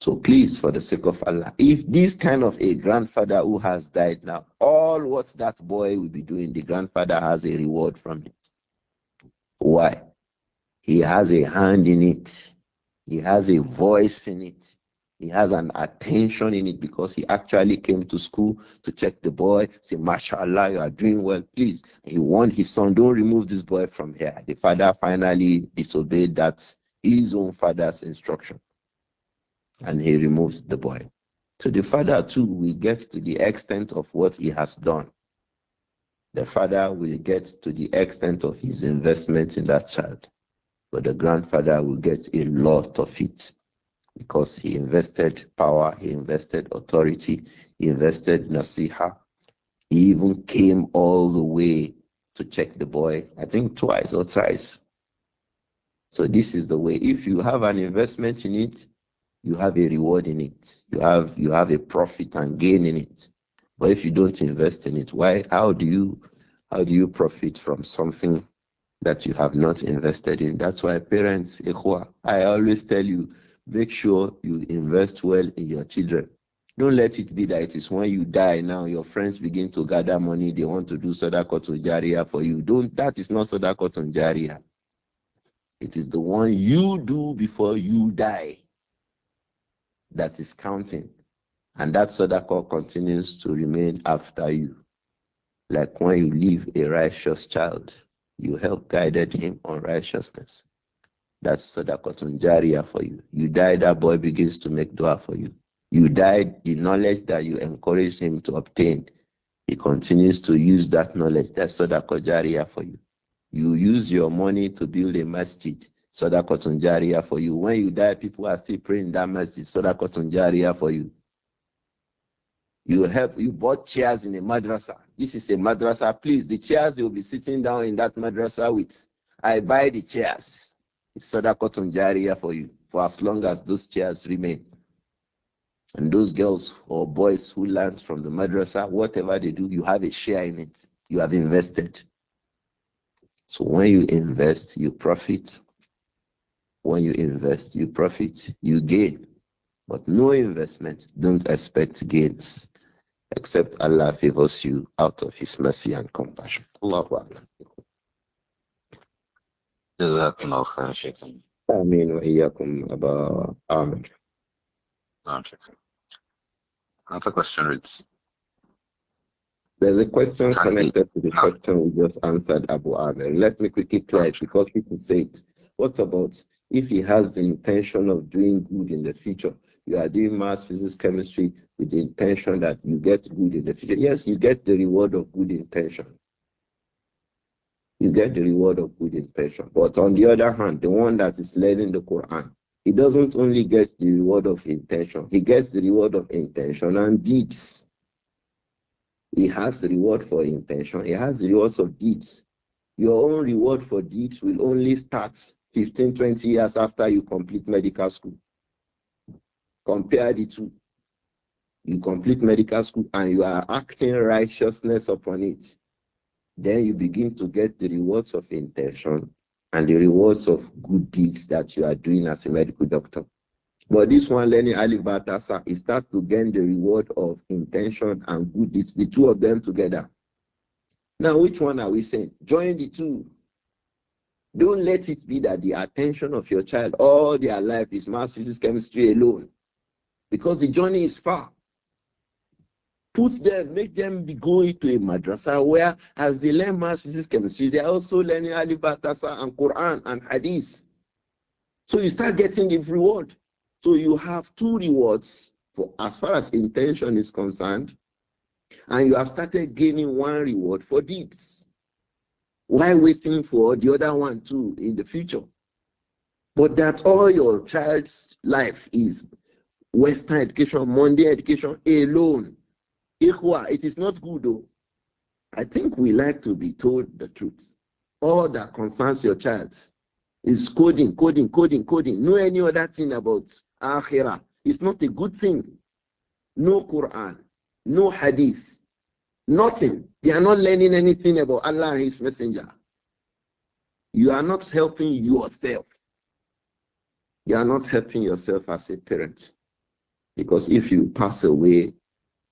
So please, for the sake of Allah, if this kind of a grandfather who has died now, all what that boy will be doing, the grandfather has a reward from it. Why? He has a hand in it, he has a voice in it, he has an attention in it because he actually came to school to check the boy, say, Mashallah, you are doing well, please. He warned his son, don't remove this boy from here. The father finally disobeyed that his own father's instruction. And he removes the boy. So the father too will get to the extent of what he has done. The father will get to the extent of his investment in that child, but the grandfather will get a lot of it because he invested power, he invested authority, he invested nasiha. He even came all the way to check the boy, I think twice or thrice. So this is the way. If you have an investment in it, you have a reward in it. You have you have a profit and gain in it. But if you don't invest in it, why? How do you how do you profit from something that you have not invested in? That's why parents, I always tell you, Make sure you invest well in your children. Don't let it be that it is when you die now your friends begin to gather money they want to do sodakotunjaria for you. Don't that is not sodakotunjaria. It is the one you do before you die that is counting, and that sodakot continues to remain after you. Like when you leave a righteous child, you help guided him on righteousness. That's sodakotunjaria for you. You die, that boy begins to make dua for you. You die, the knowledge that you encourage him to obtain, he continues to use that knowledge. That's sodakotunjaria for you. You use your money to build a masjid. Sodakotunjaria for you. When you die, people are still praying that masjid. Sodakotunjaria for you. You help, you bought chairs in a madrasa. This is a madrasa. Please, the chairs you'll be sitting down in that madrasa with. I buy the chairs. It's cotton jaria for you, for as long as those chairs remain. And those girls or boys who learn from the madrasa, whatever they do, you have a share in it. You have invested. So when you invest, you profit. When you invest, you profit, you gain. But no investment, don't expect gains, except Allah favors you out of His mercy and compassion. Allahu Akbar. جزاكم الله خيرا شيخنا امين واياكم ابا عامر Another question reads. There's a question Can connected to the no. question we just answered, Abu Amir. Let me quickly try it because people say it. What about if he has the intention of doing good in the future? You are doing mass physics, chemistry with the intention that you get good in the future. Yes, you get the reward of good intention you get the reward of good intention. But on the other hand, the one that is learning the Quran, he doesn't only get the reward of intention, he gets the reward of intention and deeds. He has the reward for intention, he has the rewards of deeds. Your own reward for deeds will only start 15, 20 years after you complete medical school. Compare the two. You complete medical school and you are acting righteousness upon it then you begin to get the rewards of intention and the rewards of good deeds that you are doing as a medical doctor. But this one, learning Alivatasa, it starts to gain the reward of intention and good deeds, the two of them together. Now, which one are we saying? Join the two. Don't let it be that the attention of your child all their life is mass physics, chemistry alone. Because the journey is far put them, make them be going to a madrasa where, as they learn math, physics, chemistry, they are also learning Alibatasa and Quran and Hadith. So you start getting the reward. So you have two rewards for as far as intention is concerned, and you have started gaining one reward for deeds. Why waiting for the other one too in the future? But that's all your child's life is Western education, Monday education alone. Ikhwa, it is not good though. I think we like to be told the truth. All that concerns your child is coding, coding, coding, coding. No any other thing about Akhirah. It's not a good thing. No Quran, no Hadith, nothing. They are not learning anything about Allah and His Messenger. You are not helping yourself. You are not helping yourself as a parent. Because if you pass away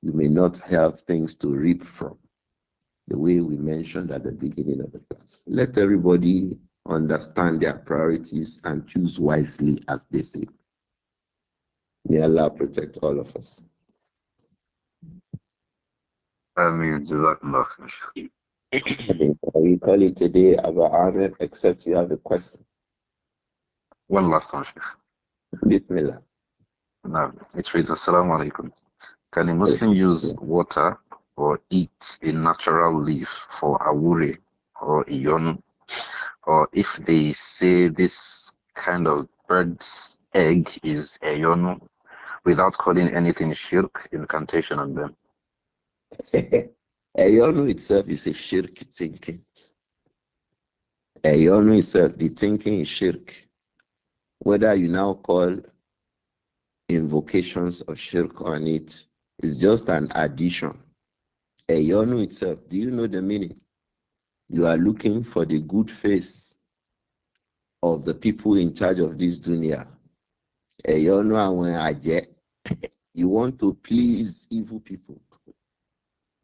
you may not have things to reap from, the way we mentioned at the beginning of the class. Let everybody understand their priorities and choose wisely as they say. May Allah protect all of us. I mean, we call it today, Abu Ahmed. except you have a question. One last one, Sheikh. Bismillah. No, it's reads, Assalamu alaikum. Can a Muslim use water or eat a natural leaf for awure or iyon? Or if they say this kind of bird's egg is ayon without calling anything shirk, incantation on them? ayonu [LAUGHS] itself is a shirk thinking. Ayonu itself, the thinking is shirk. Whether you now call invocations of shirk on it it's just an addition. Eyonu itself, do you know the meaning? You are looking for the good face of the people in charge of this dunya. Eyonu àwọn àjẹ́. You want to please evil people.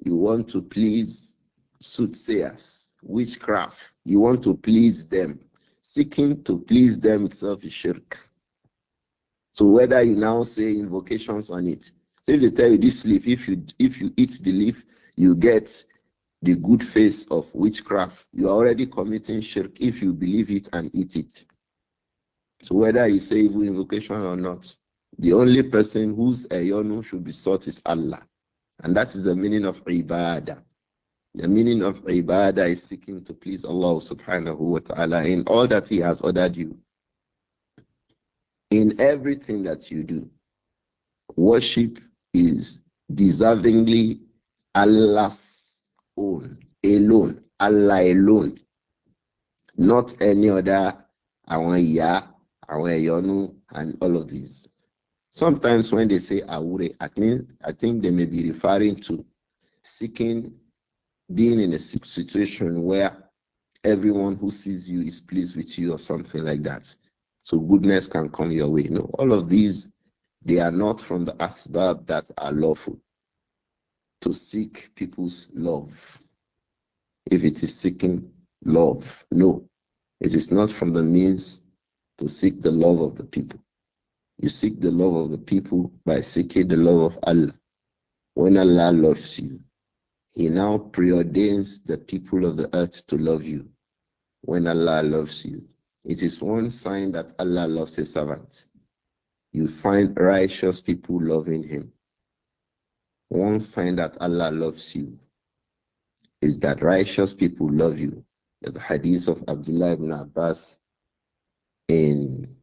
You want to please soothsayers, witchcraft. You want to please them. Seeking to please them itself is shirk. So whether you now say invocations on it, if they tell you this leaf, if you if you eat the leaf, you get the good face of witchcraft. You are already committing shirk if you believe it and eat it. So whether you say evil invocation or not, the only person whose ayonu should be sought is Allah. And that is the meaning of ibadah. The meaning of ibadah is seeking to please Allah subhanahu wa ta'ala in all that He has ordered you. In everything that you do, worship is deservingly Allah's own, alone, Allah alone, not any other àwọn ìyá, àwọn ẹ̀yọ́nú, and all of these. Sometimes when they say awure, I think, I think they may be referring to seeking, being in a situation where everyone who sees you is pleased with you or something like that. So goodness can come your way. You know, all of these they are not from the asbab that are lawful. To seek people's love. If it is seeking love, no. It is not from the means to seek the love of the people. You seek the love of the people by seeking the love of Allah. When Allah loves you, He now preordains the people of the earth to love you. When Allah loves you, it is one sign that Allah loves His servant you find righteous people loving Him. One sign that Allah loves you is that righteous people love you. The hadith of Abdullah ibn Abbas in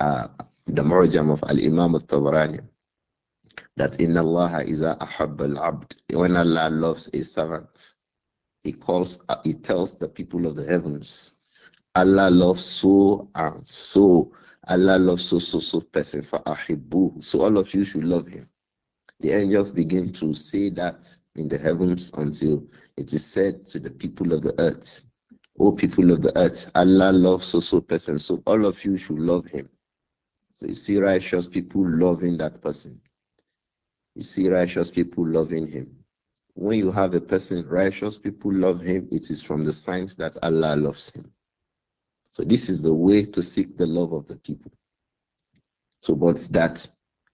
uh, the Murjam of Al Imam al Tabarani that in Allah is a al abd. When Allah loves a servant, He calls, He tells the people of the heavens, Allah loves so and so. Allah loves so, so, so person for Ahibu. So all of you should love him. The angels begin to say that in the heavens until it is said to the people of the earth, O people of the earth, Allah loves so, so person. So all of you should love him. So you see righteous people loving that person. You see righteous people loving him. When you have a person, righteous people love him, it is from the signs that Allah loves him. So this is the way to seek the love of the people. So, but that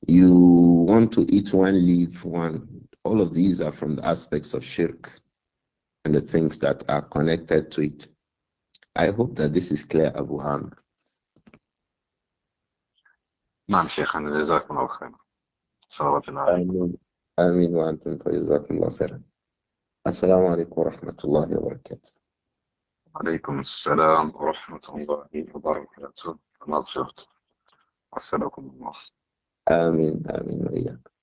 you want to eat one, leave one, all of these are from the aspects of shirk and the things that are connected to it. I hope that this is clear, Abu Hamid. I mean, I mean, خيرا صلوات الله عليكم آمين وأنتم فجزاكم الله خيرا السلام عليكم ورحمة الله وبركاته عليكم السلام ورحمة الله وبركاته أنا شفت أسألكم الله آمين آمين وإياك